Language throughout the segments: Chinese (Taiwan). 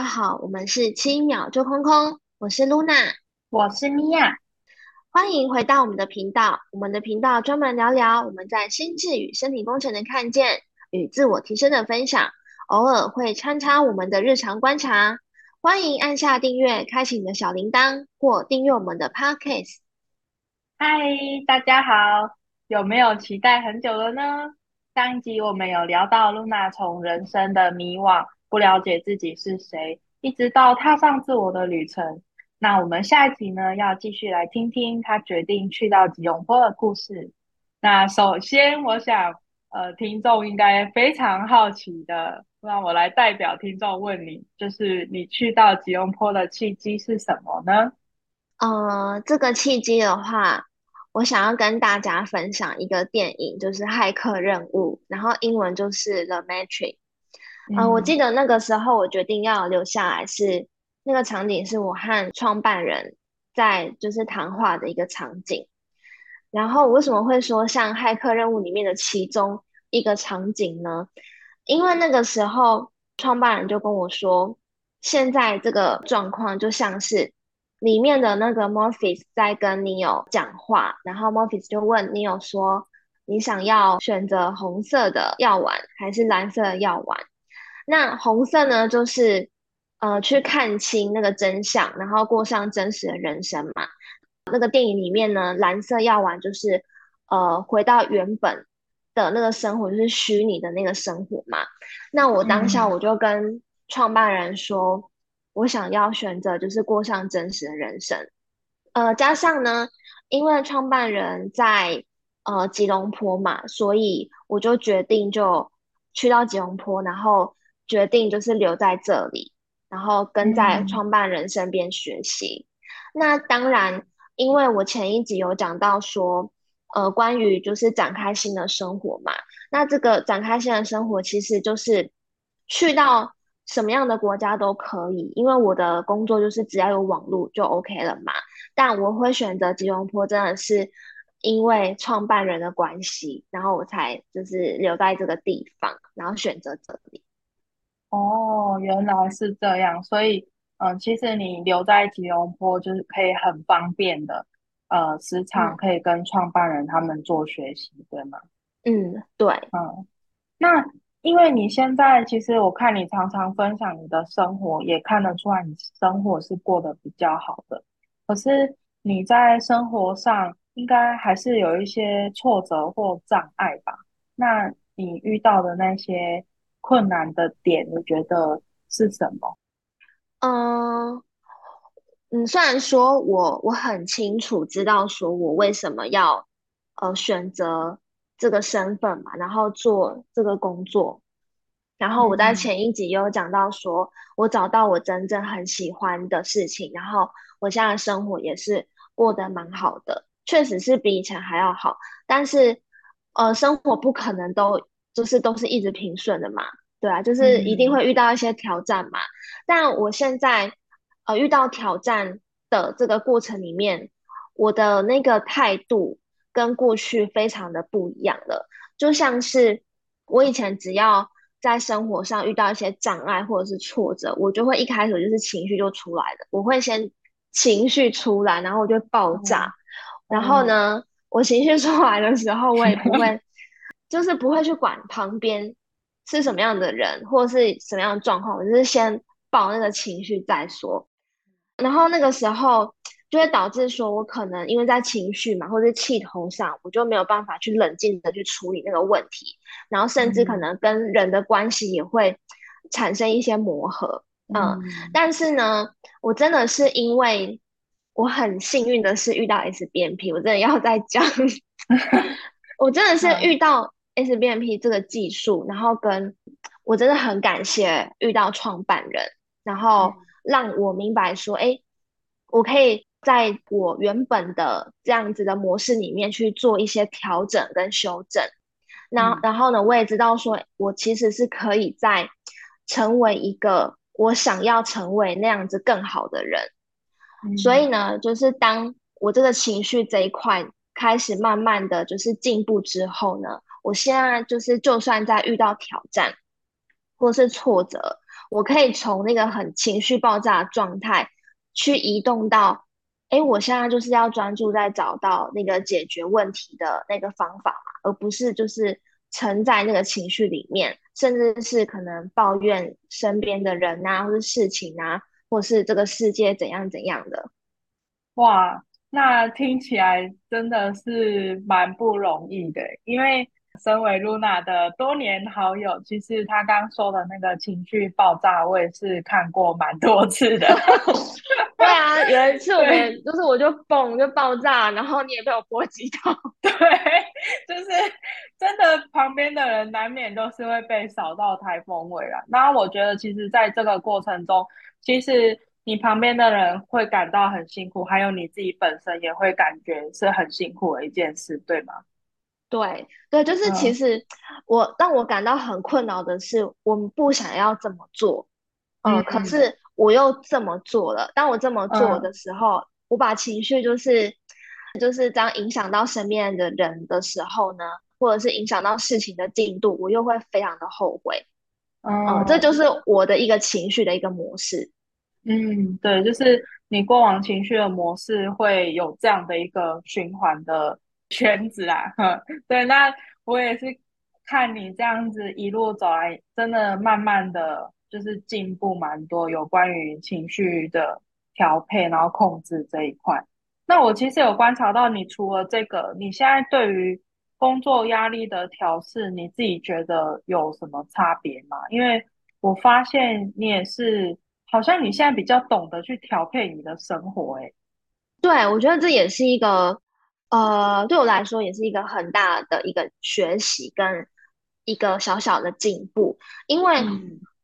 大家好，我們是七秒就空空，我是嚕那，我是尼婭，歡迎回到我們的頻道。我們的頻道專門聊聊我們在心智與身體工程的看見與自我提升的分享，偶爾會穿插我們的日常觀察。歡迎按下訂閱，開啟你的小鈴鐺，或訂閱我們的 Podcast。嗨，大家好，有沒有期待很久了呢？上一集我們有聊到嚕那從人生的迷惘。不了解自己是誰，一直到踏上自我的旅程。那我們下一集呢，要繼續來聽聽他決定去到吉隆坡的故事。那首先，我想呃，聽眾應該非常好奇的，讓我來代表聽眾問你，就是你去到吉隆坡的契機是什麼呢？呃，這個契機的話，我想要跟大家分享一個電影，就是《駭客任務》，然後英文就是《The Matrix》。嗯、呃，我記得那個時候我決定要留下來是，是那個場景是我和創辦人在就是談話的一個場景。然後為什麼會說像《駭客任務》裡面的其中一個場景呢？因為那個時候創辦人就跟我說，現在這個狀況就像是裡面的那個 Morpheus 在跟 Neo 講話，然後 Morpheus 就問 Neo 說，你想要選擇紅色的藥丸還是藍色的藥丸？那紅色呢，就是呃去看清那個真相，然後過上真實的人生嘛。那個電影裡面呢，藍色藥丸就是呃回到原本的那個生活，就是虛擬的那個生活嘛。那我當下我就跟創辦人說，嗯、我想要選擇就是過上真實的人生。呃，加上呢，因為創辦人在呃吉隆坡嘛，所以我就決定就去到吉隆坡，然後。決定就是留在這裡，然後跟在創辦人身邊學習。嗯、那當然，因為我前一集有講到說，呃，關於就是展開新的生活嘛。那這個展開新的生活，其實就是去到什麼樣的國家都可以，因為我的工作就是只要有網絡就 OK 了嘛。但我會選擇吉隆坡，真的是因為創辦人的關係，然後我才就是留在這個地方，然後選擇這裡。哦，原來是這樣，所以，嗯、呃，其實你留在吉隆坡就是可以很方便的，呃，時常可以跟創辦人他們做學習，嗯、對嗎？嗯，對，嗯，那因為你現在其實我看你常常分享你的生活，也看得出來你生活是過得比較好的，可是你在生活上應該還是有一些挫折或障礙吧？那你遇到的那些？困難的點你覺得是什麼？嗯嗯，雖然說我我很清楚知道說我為什麼要呃選擇這個身份嘛，然後做這個工作，然後我在前一集也有講到說，嗯，我找到我真正很喜歡的事情，然後我現在生活也是過得蠻好的，確實是比以前還要好，但是呃生活不可能都就是都是一直平順的嘛，對啊，就是一定會遇到一些挑戰嘛、嗯。但我現在，呃，遇到挑戰的這個過程裡面，我的那個態度跟過去非常的不一樣了。就像是我以前只要在生活上遇到一些障礙或者是挫折，我就會一開始就是情緒就出來了，我會先情緒出來，然後我就爆炸、哦。然後呢，哦、我情緒出來的時候，我也不會。 就是不會去管旁邊是什麼樣的人或是什麼樣的狀況，我就是先爆那個情緒再說。然後那個時候就會導致說，我可能因為在情緒嘛，或者是氣頭上，我就沒有辦法去冷靜的去處理那個問題，然後甚至可能跟人的關係也會產生一些磨合嗯。嗯，但是呢，我真的是因為我很幸運的是遇到 SBMP，我真的要再講， 我真的是遇到。S B M P 這個技術，然後跟我真的很感謝遇到創辦人，然後讓我明白說，哎、嗯，我可以在我原本的這樣子的模式裡面去做一些調整跟修正。那、嗯、然後呢，我也知道說我其實是可以在成為一個我想要成為那樣子更好的人、嗯。所以呢，就是當我這個情緒這一塊開始慢慢的就是進步之後呢。我現在就是，就算在遇到挑戰或是挫折，我可以從那個很情緒爆炸的狀態去移動到，哎，我現在就是要專注在找到那個解決問題的那個方法，而不是就是沉在那個情緒裡面，甚至是可能抱怨身邊的人啊，或是事情啊，或是這個世界怎樣怎樣的。哇，那聽起來真的是蠻不容易的，因為。身為嚕那的多年好友，其實她剛說的那個情緒爆炸，我也是看過蠻多次的。對啊，有一次我就是我就蹦就爆炸，然後你也被我波及到。對，就是真的，旁邊的人難免都是會被掃到台風尾啦。那我覺得，其實在這個過程中，其實你旁邊的人會感到很辛苦，還有你自己本身也會感覺是很辛苦的一件事，對嗎？對對，就是其實我、嗯、讓我感到很困擾的是，我們不想要這麼做，嗯、呃，可是我又這麼做了。當我這麼做的時候，嗯、我把情緒就是就是這樣影響到身邊的人的時候呢，或者是影響到事情的進度，我又會非常的後悔，嗯、呃，這就是我的一個情緒的一個模式。嗯，對，就是你過往情緒的模式會有這樣的一個循環的。圈子啦，對，那我也是看你這樣子一路走來，真的慢慢的就是進步蠻多，有關於情緒的調配然後控制這一塊。那我其實有觀察到，你除了這個，你現在對於工作壓力的調適，你自己覺得有什麼差別嗎？因為我發現你也是，好像你現在比較懂得去調配你的生活、欸，哎，對，我覺得這也是一個。呃，對我來說也是一個很大的一個學習跟一個小小的進步，因為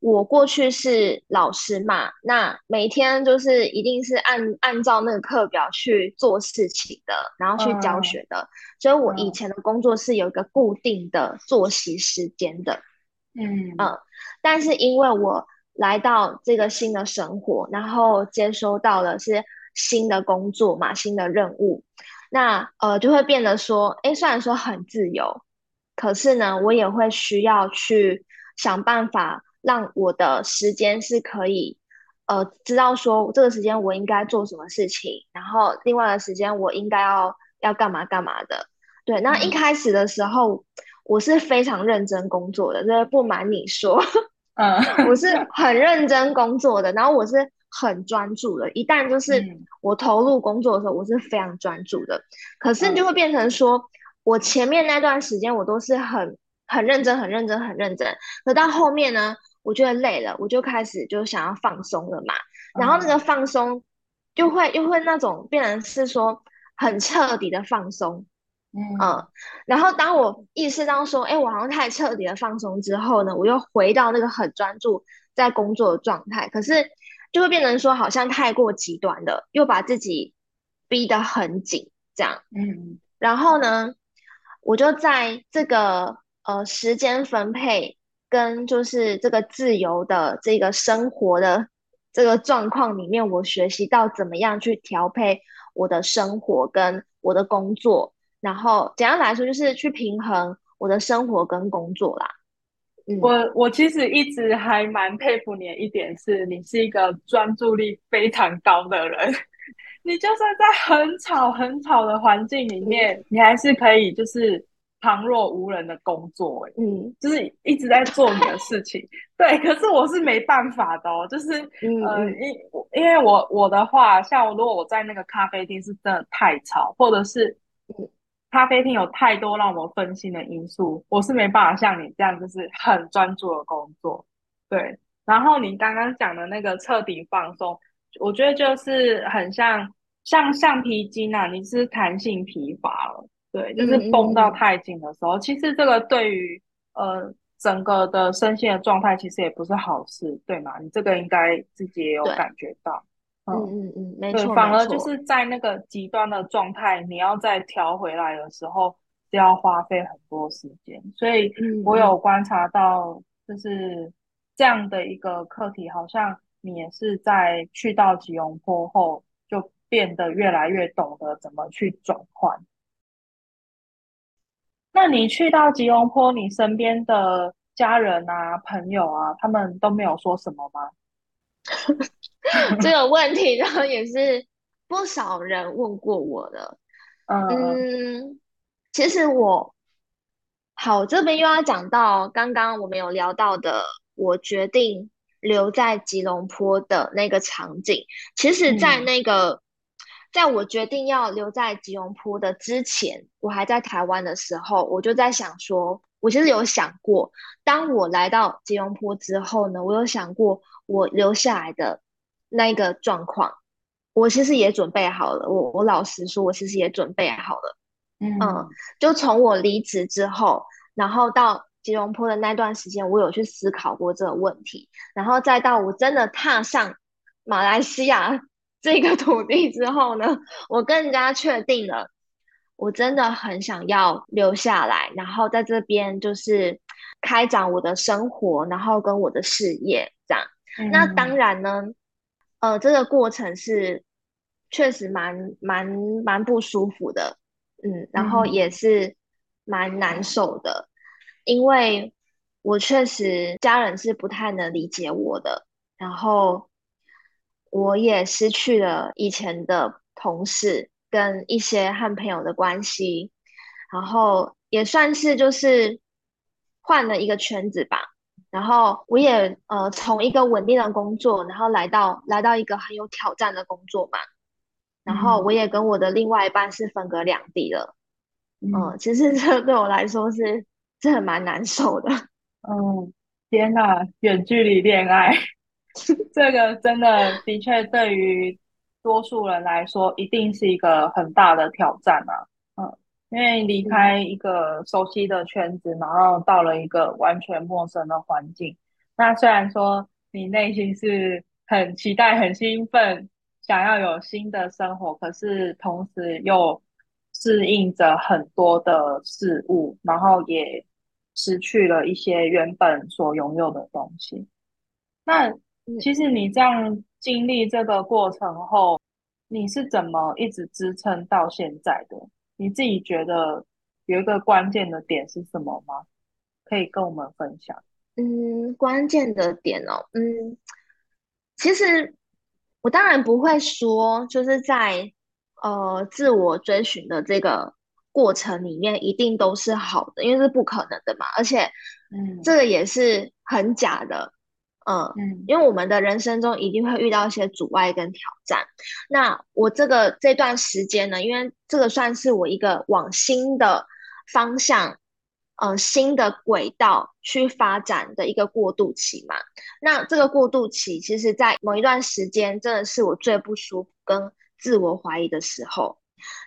我過去是老師嘛，嗯、那每天就是一定是按按照那個課表去做事情的，然後去教學的，嗯、所以，我以前的工作是有一個固定的作息時間的，嗯嗯，但是因為我來到這個新的生活，然後接收到了是新的工作嘛，新的任務。那呃，就會變得說，誒，雖然說很自由，可是呢，我也會需要去想辦法讓我的時間是可以，呃，知道說這個時間我應該做什麼事情，然後另外的時間我應該要要幹嘛幹嘛的。對，那一開始的時候，嗯，我是非常認真工作的，就是不瞞你說，嗯， 我是很認真工作的，然後我是。很專注的，一旦就是我投入工作的時候，嗯、我是非常專注的。可是你就會變成說、嗯，我前面那段時間我都是很很認真，很認真、很認真、很認真。可到後面呢，我覺得累了，我就開始就想要放鬆了嘛。然後那個放鬆，就會、嗯、又會那種變成是說很徹底的放鬆、嗯，嗯，然後當我意識到說，哎、欸，我好像太徹底的放鬆之後呢，我又回到那個很專注在工作的狀態。可是。就會變成說，好像太過極端了，又把自己逼得很緊，這樣。嗯，然後呢，我就在這個呃時間分配跟就是這個自由的這個生活的這個狀況裡面，我學習到怎麼樣去調配我的生活跟我的工作，然後簡單來說，就是去平衡我的生活跟工作啦。嗯、我我其實一直還蠻佩服你的一點是，你是一個專注力非常高的人。 你就算在很吵很吵的環境裡面，嗯，你還是可以就是旁若無人的工作，欸，嗯，就是一直在做你的事情。 對，可是我是沒辦法的，哦，就是嗯因，呃、因為我我的話，像我如果我在那個咖啡廳是真的太吵，或者是。咖啡廳有太多讓我分心的因素，我是沒辦法像你這樣，就是很專注的工作。對，然後你剛剛講的那個徹底放鬆，我覺得就是很像像橡皮筋啊，你是彈性疲乏了。對，就是繃到太緊的時候嗯嗯嗯，其實這個對於呃整個的身心的狀態，其實也不是好事，對嗎？你這個應該自己也有感覺到。哦、嗯嗯嗯，沒錯，反而就是在那個極端的狀態，你要再調回來的時候，就要花費很多時間。所以我有觀察到，就是這樣的一個課題嗯嗯，好像你也是在去到吉隆坡後，就變得越來越懂得怎麼去轉換。那你去到吉隆坡，你身邊的家人啊、朋友啊，他們都沒有說什麼嗎？ 這個問題，呢，也是不少人問過我的。Uh, 嗯，其實我好這邊又要講到剛剛我們有聊到的，我決定留在吉隆坡的那個場景。其實，在那個、嗯、在我決定要留在吉隆坡的之前，我還在台灣的時候，我就在想說，我其實有想過，當我來到吉隆坡之後呢，我有想過我留下來的。那個狀況，我其實也準備好了。我我老實說，我其實也準備好了。嗯，嗯就從我離職之後，然後到吉隆坡的那段時間，我有去思考過這個問題。然後再到我真的踏上馬來西亞這個土地之後呢，我更加確定了，我真的很想要留下來，然後在這邊就是開展我的生活，然後跟我的事業這樣，嗯。那當然呢。呃，這個過程是確實蠻蠻蠻不舒服的，嗯，然後也是蠻難受的，嗯、因為我確實家人是不太能理解我的，然後我也失去了以前的同事跟一些和朋友的關係，然後也算是就是換了一個圈子吧。然後我也呃從一個穩定的工作，然後來到來到一個很有挑戰的工作嘛，然後我也跟我的另外一半是分隔兩地了，嗯，其實這對我來說是是蠻難受的，嗯，天哪，遠距離戀愛， 這個真的的確對於多數人來說，一定是一個很大的挑戰啊。因為離開一個熟悉的圈子，嗯，然後到了一個完全陌生的環境。那雖然說你內心是很期待、很興奮，想要有新的生活，可是同時又適應着很多的事物，然後也失去了一些原本所擁有的東西。那其實你這樣經歷這個過程後，你是怎麼一直支撐到現在的？你自己覺得有一個關鍵的點是什麼嗎？可以跟我們分享？嗯，關鍵的點哦，嗯，其實我當然不會說，就是在呃自我追尋的這個過程裡面，一定都是好的，因為是不可能的嘛，而且，嗯，這個也是很假的。嗯嗯，嗯，因為我們的人生中一定會遇到一些阻礙跟挑戰。那我這個這段時間呢，因為這個算是我一個往新的方向，嗯、呃，新的軌道去發展的一個過渡期嘛。那這個過渡期，其實，在某一段時間，真的是我最不舒服跟自我懷疑的時候。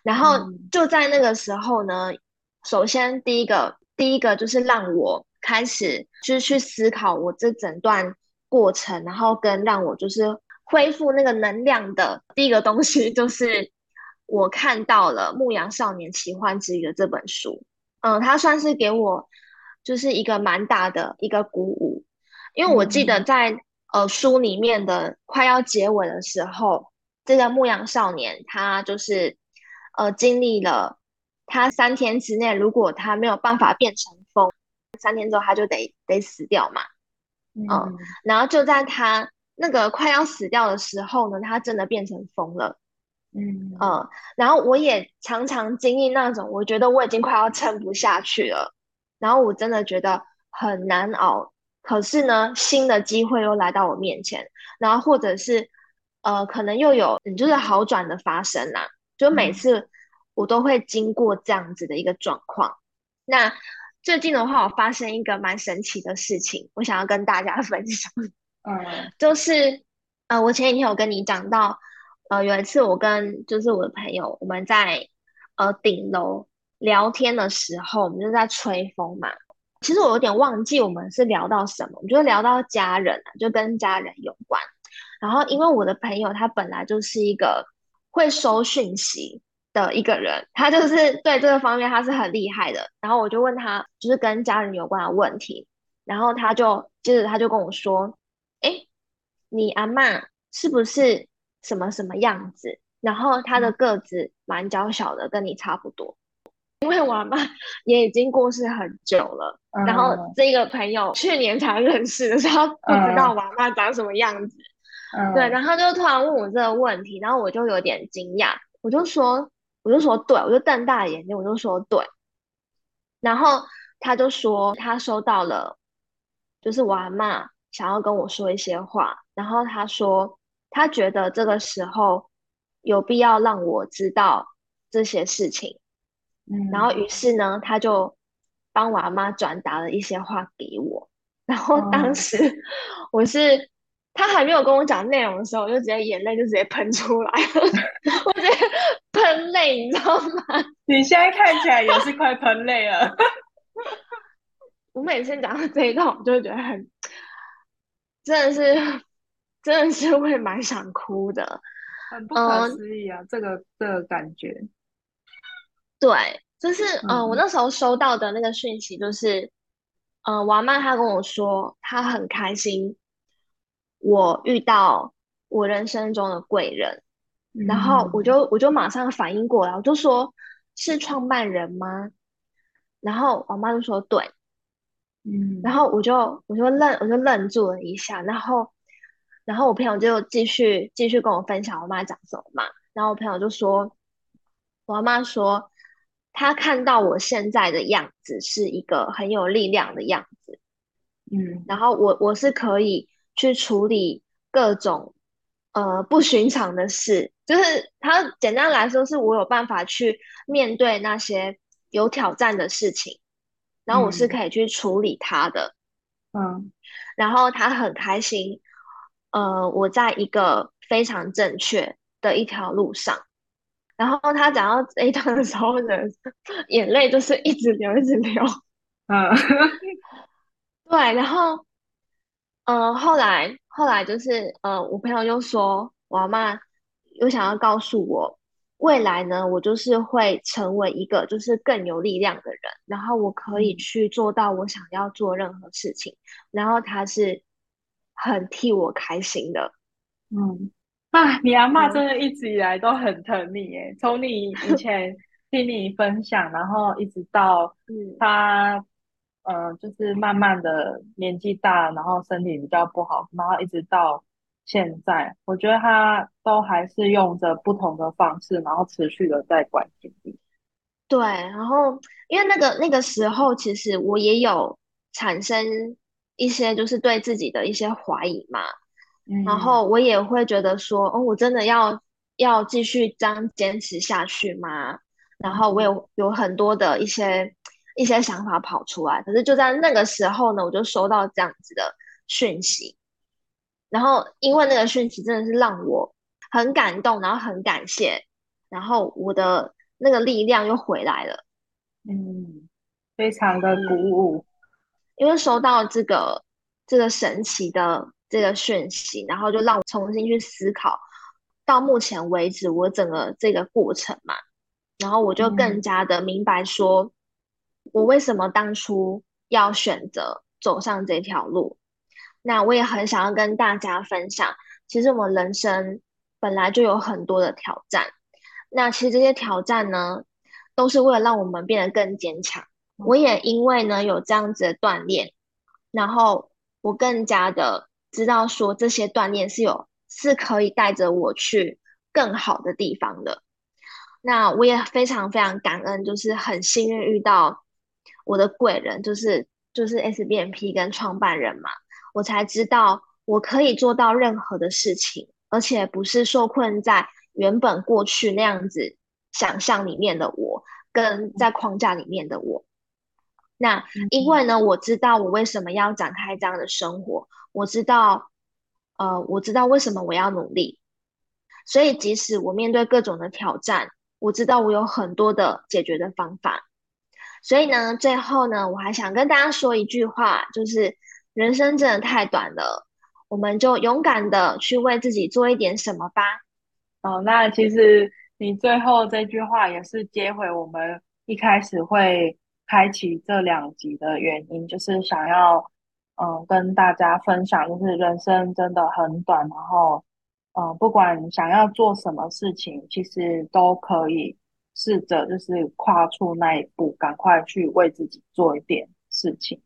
然後就在那個時候呢，嗯、首先第一個，第一個就是讓我開始，就是去思考我這整段。過程，然後跟讓我就是恢復那個能量的第一個東西，就是我看到了《牧羊少年奇幻之旅》的這本書，嗯，它算是給我就是一個蠻大的一個鼓舞，因為我記得在、嗯、呃書裡面的快要結尾的時候，這個牧羊少年他就是呃經歷了他三天之內，如果他沒有辦法變成風，三天之後他就得得死掉嘛。嗯、uh, mm-hmm. 然後就在他那個快要死掉的時候呢，他真的變成瘋了。嗯嗯，然後我也常常經歷那種，我覺得我已經快要撐不下去了，然後我真的覺得很難熬。可是呢，新的機會又來到我面前，然後或者是呃，可能又有你就是好轉的發生啦、啊。就每次我都會經過這樣子的一個狀況，mm-hmm. 那。最近的話，我發生一個蠻神奇的事情，我想要跟大家分享。嗯，就是呃，我前幾天有跟你講到，呃，有一次我跟就是我的朋友，我們在呃頂樓聊天的時候，我們就在吹風嘛。其實我有點忘記我們是聊到什麼，我覺得聊到家人啊，就跟家人有關。然後因為我的朋友他本來就是一個會收訊息。的一個人，他就是對這個方面他是很厲害的。然後我就問他，就是跟家人有關的問題，然後他就接着、就是、他就跟我說：“哎、欸，你阿嬤是不是什麼什麼樣子？然後他的個子蠻嬌小的，跟你差不多。因為我阿嬤也已經過世很久了。然後這個朋友去年才認識的，時候，不知道我媽長什麼樣子。對，然後就突然問我這個問題，然後我就有點驚訝，我就說。我就說對，我就瞪大眼睛，我就說對。然後他就說他收到了，就是我阿嬤想要跟我說一些話。然後他說他覺得這個時候有必要讓我知道這些事情。嗯，然後於是呢，他就幫我阿嬤轉達了一些話給我。然後當時我是。他還沒有跟我講內容的時候，我就直接眼淚就直接噴出來了， 我直接噴淚，你知道嗎？ 你現在看起來也是快噴淚了。 我每次講到這一段，我就覺得很，真的是，真的是會蠻想哭的。很不可思議啊，uh, 這個這個感覺。對，就是嗯、呃，我那時候收到的那個訊息，就是嗯，王、呃、曼她跟我說，她很開心。我遇到我人生中的貴人，嗯，然後我就我就馬上反應過來，我就說是創辦人嗎？然後我媽就說對，嗯，然後我就我就愣我就愣住了一下，然後然後我朋友就繼續繼續跟我分享我媽講什麼嘛，然後我朋友就說，我媽媽說她看到我現在的樣子是一個很有力量的樣子，嗯，然後我我是可以。去處理各種呃不尋常的事，就是他簡單來說，是我有辦法去面對那些有挑戰的事情，然後我是可以去處理它的，嗯，嗯，然後他很開心，呃，我在一個非常正確的一條路上，然後他講到這一段的時候呢，眼淚就是一直流，一直流，嗯， 對，然後。嗯、呃，後來後來就是，呃，我朋友又說，我阿嬤又想要告訴我，未來呢，我就是會成為一個就是更有力量的人，然後我可以去做到我想要做任何事情，然後他是很替我開心的。嗯，啊，你阿嬤真的一直以來都很疼你耶，從你以前聽你分享， 然後一直到她、嗯。嗯、呃，就是慢慢的年紀大，然後身體比較不好，然後一直到現在，我覺得他都還是用着不同的方式，然後持續的在管理。對，然後因為那個那個時候，其實我也有產生一些就是對自己的一些懷疑嘛，嗯、然後我也會覺得說，哦，我真的要要繼續這樣堅持下去嗎？然後我有有很多的一些。一些想法跑出來，可是就在那個時候呢，我就收到這樣子的訊息，然後因為那個訊息真的是讓我很感動，然後很感謝，然後我的那個力量又回來了，嗯，非常的鼓舞，因為收到這個這個神奇的這個訊息，然後就讓我重新去思考，到目前為止我整個這個過程嘛，然後我就更加的明白說。嗯我為什麼當初要選擇走上這條路？那我也很想要跟大家分享。其實我們人生本來就有很多的挑戰。那其實這些挑戰呢，都是為了讓我們變得更堅強。我也因為呢有這樣子的鍛鍊，然後我更加的知道說這些鍛鍊是有是可以帶着我去更好的地方的。那我也非常非常感恩，就是很幸運遇到。我的貴人就是就是 SBMP 跟創辦人嘛，我才知道我可以做到任何的事情，而且不是受困在原本過去那樣子想象裡面的我，跟在框架裡面的我。那因為呢，我知道我為什麼要展開這樣的生活，我知道，呃，我知道為什麼我要努力，所以即使我面對各種的挑戰，我知道我有很多的解決的方法。所以呢，最後呢，我還想跟大家說一句話，就是人生真的太短了，我們就勇敢的去為自己做一點什麼吧。哦，嗯，那其實你最後這句話也是接回我們一開始會開啟這兩集的原因，就是想要嗯跟大家分享，就是人生真的很短，然後嗯不管想要做什麼事情，其實都可以。試着就是跨出那一步，趕快去為自己做一點事情。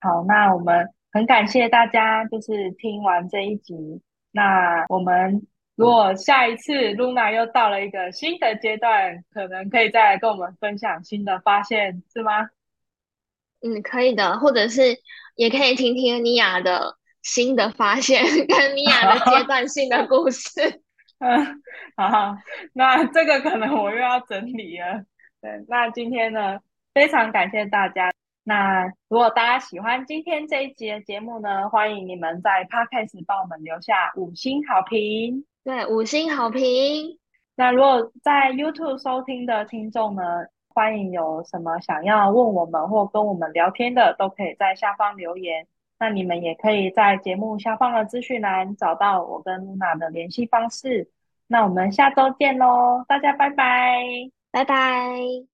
好，那我們很感謝大家，就是聽完這一集。那我們如果下一次嚕那又到了一個新的階段，可能可以再來跟我們分享新的發現，是嗎？嗯，可以的，或者是也可以聽聽尼婭的新的發現跟尼婭的階段性的故事。 嗯，好，好，那這個可能我又要整理了。對，那今天呢，非常感謝大家。那如果大家喜歡今天這一集的節目呢，歡迎你們在 Podcast 幫我們留下五星好評。對，五星好評。那如果在 YouTube 收聽的聽眾呢，歡迎有什麼想要問我們或跟我們聊天的，都可以在下方留言。那你們也可以在節目下方的資訊欄找到我跟嚕那的聯繫方式。那我們下週見嘍，大家拜拜，拜拜。